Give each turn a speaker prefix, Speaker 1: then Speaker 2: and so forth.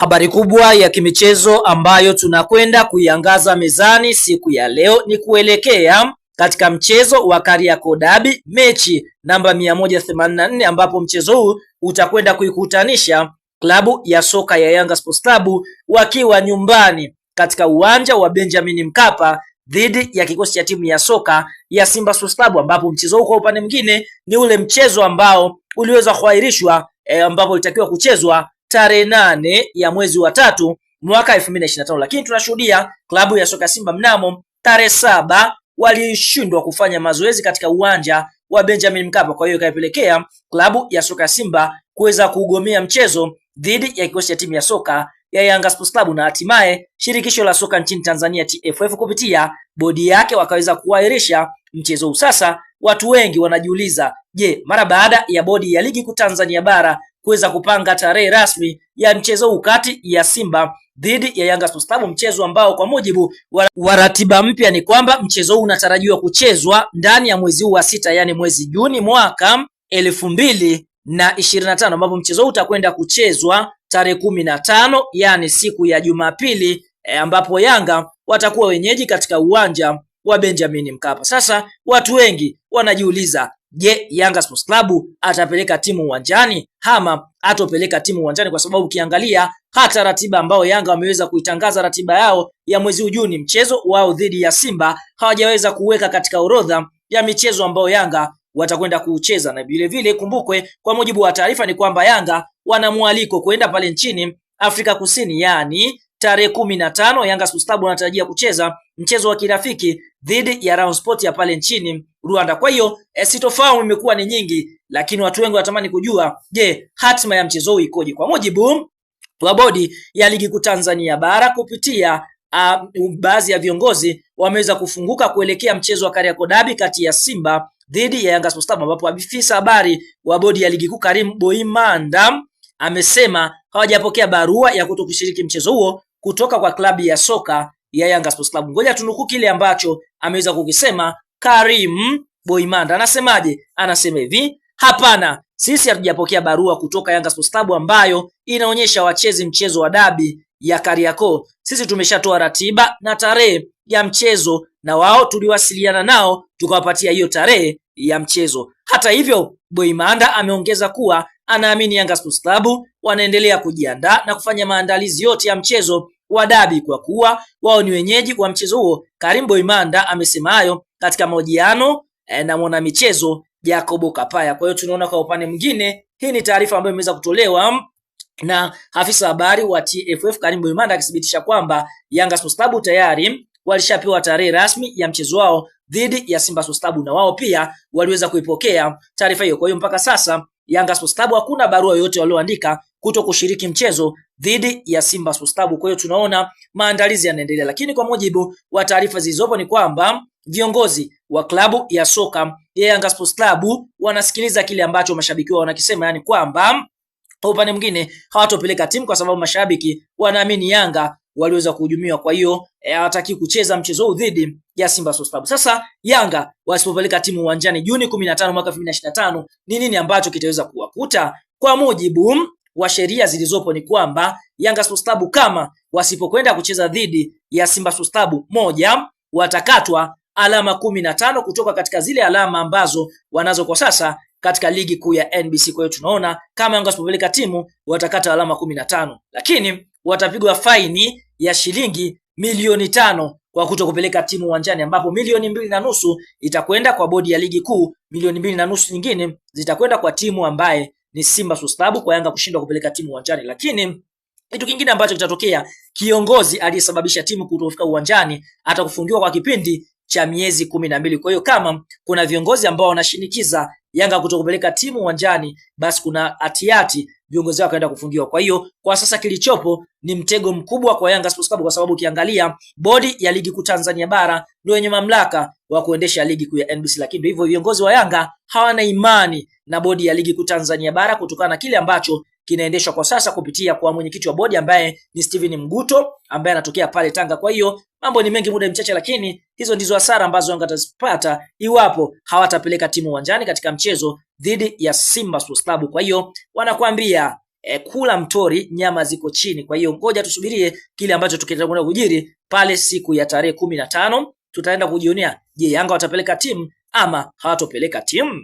Speaker 1: Habari kubwa ya kimichezo ambayo tunakwenda kuiangaza mezani siku ya leo ni kuelekea katika mchezo wa Kariakoo Derby mechi namba 184 ambapo mchezo huu utakwenda kuikutanisha klabu ya soka ya Yanga Sports Club wakiwa nyumbani katika uwanja wa Benjamin Mkapa dhidi ya kikosi cha timu ya soka ya Simba Sports Club, ambapo mchezo huu kwa upande mwingine ni ule mchezo ambao uliweza kuahirishwa e, ambapo ulitakiwa kuchezwa tarehe nane ya mwezi wa tatu mwaka 2025, lakini tunashuhudia klabu ya soka Simba mnamo tarehe saba walishindwa kufanya mazoezi katika uwanja wa Benjamin Mkapa. Kwa hiyo ikapelekea klabu ya soka Simba kuweza kugomea mchezo dhidi ya kikosi cha timu ya soka ya Yanga Sports Club na hatimaye shirikisho la soka nchini Tanzania TFF kupitia bodi yake wakaweza kuahirisha mchezo huu. Sasa watu wengi wanajiuliza, je, mara baada ya bodi ya ligi kuu Tanzania bara kuweza kupanga tarehe rasmi ya mchezo huu kati ya Simba dhidi ya Yanga Sports Club, mchezo ambao kwa mujibu wa ratiba mpya ni kwamba mchezo huu unatarajiwa kuchezwa ndani ya mwezi huu wa sita, yani mwezi Juni mwaka elfu mbili na ishirini na tano ambapo mchezo huu utakwenda kuchezwa tarehe kumi na tano yani siku ya Jumapili e, ambapo Yanga watakuwa wenyeji katika uwanja wa Benjamin Mkapa. Sasa watu wengi wanajiuliza, je, Yanga Sports Club atapeleka timu uwanjani ama atopeleka timu uwanjani? Kwa sababu ukiangalia hata ratiba ambayo Yanga wameweza kuitangaza ratiba yao ya mwezi Juni, mchezo wao dhidi ya Simba hawajaweza kuweka katika orodha ya michezo ambayo Yanga watakwenda kucheza, na vilevile kumbukwe, kwa mujibu wa taarifa ni kwamba Yanga wana mwaliko kwenda pale nchini Afrika Kusini, yaani tarehe kumi na tano Yanga Sports Club wanatarajia kucheza mchezo wa kirafiki dhidi ya Rayon Sports ya pale nchini Rwanda. Kwa hiyo eh, sitofahamu imekuwa ni nyingi, lakini watu wengi wanatamani kujua, je, hatima ya mchezo huu ikoje? Kwa mujibu wa bodi ya ligi kuu Tanzania bara kupitia uh, baadhi ya viongozi wameweza kufunguka kuelekea mchezo wa Kariakoo Derby kati ya Simba dhidi ya Yanga Sports Club ambapo afisa habari wa bodi ya ligi kuu Karim Boimanda amesema hawajapokea barua ya kuto kushiriki mchezo huo kutoka kwa klabu ya soka ya Yanga Sports Club. Ngoja tunukuu kile ambacho ameweza kukisema Karim Boimanda. Anasemaje? Anasema hivi, hapana, sisi hatujapokea barua kutoka Yanga Sports Club ambayo inaonyesha wachezi mchezo wa dabi ya Kariakoo. Sisi tumeshatoa ratiba na tarehe ya mchezo, na wao tuliwasiliana nao tukawapatia hiyo tarehe ya mchezo. Hata hivyo, Boimanda ameongeza kuwa anaamini Yanga Sports Club wanaendelea kujiandaa na kufanya maandalizi yote ya mchezo wa dabi kwa kuwa wao ni wenyeji wa mchezo huo. Karim Boimanda amesema hayo katika mahojiano eh, na mwanamichezo Jacobo Kapaya. Kwa hiyo tunaona kwa upande mwingine, hii ni taarifa ambayo imeweza kutolewa na afisa habari wa TFF Karim Boimanda akithibitisha kwamba Yanga Sports Club tayari walishapewa tarehe rasmi ya mchezo wao dhidi ya Simba Sports Club na wao pia waliweza kuipokea taarifa hiyo. Kwa hiyo mpaka sasa Yanga Sports Club hakuna barua yoyote walioandika kuto kushiriki mchezo dhidi ya Simba Sports Club. Kwa hiyo tunaona maandalizi yanaendelea, lakini kwa mujibu wa taarifa zilizopo ni kwamba viongozi wa klabu ya soka ya Yanga Sports Club wanasikiliza kile ambacho mashabiki wao wanakisema, yani kwamba kwa upande mwingine hawatopeleka timu kwa sababu mashabiki wanaamini Yanga waliweza kuhujumiwa. Kwa hiyo eh, hawataki kucheza mchezo huu dhidi ya Simba Sports Club. Sasa Yanga wasipopeleka timu uwanjani Juni 15 mwaka 2025, ni nini ambacho kitaweza kuwakuta? Kwa mujibu wa sheria zilizopo ni kwamba Yanga Sports Club kama wasipokwenda kucheza dhidi ya Simba Sports Club, moja, watakatwa alama 15 kutoka katika zile alama ambazo wanazo kwa sasa katika ligi kuu ya NBC. Kwa hiyo tunaona kama Yanga wasipopeleka timu watakata alama 15, lakini watapigwa faini ya shilingi milioni tano kwa kuto kupeleka timu uwanjani, ambapo milioni mbili na nusu itakwenda kwa bodi ya ligi kuu, milioni mbili na nusu nyingine zitakwenda kwa timu ambaye ni Simba Sports Club kwa Yanga kushindwa kupeleka timu uwanjani. Lakini kitu kingine ambacho kitatokea, kiongozi aliyesababisha timu kutofika uwanjani atakufungiwa kwa kipindi cha miezi kumi na mbili. Kwa hiyo kama kuna viongozi ambao wanashinikiza Yanga kutokupeleka timu uwanjani, basi kuna atiati viongozi wao kaenda kufungiwa. Kwa hiyo kwa sasa kilichopo ni mtego mkubwa kwa Yanga Sports Club, kwa sababu ukiangalia bodi ya ligi kuu Tanzania bara ndio yenye mamlaka wa kuendesha ligi kuu ya NBC, lakini hivyo viongozi wa Yanga hawana imani na bodi ya ligi kuu Tanzania bara kutokana na kile ambacho kinaendeshwa kwa sasa kupitia kwa mwenyekiti wa bodi ambaye ni Steven Mguto ambaye anatokea pale Tanga. Kwa hiyo mambo ni mengi, muda mchache, lakini hizo ndizo hasara ambazo Yanga atazipata iwapo hawatapeleka timu uwanjani katika mchezo dhidi ya Simba Sports Club. Kwa hiyo wanakuambia E, kula mtori nyama ziko chini. Kwa hiyo ngoja tusubirie kile ambacho tukitakwenda kujiri pale siku ya tarehe kumi na tano. Tutaenda kujionea, je, Yanga watapeleka timu ama hawatopeleka timu?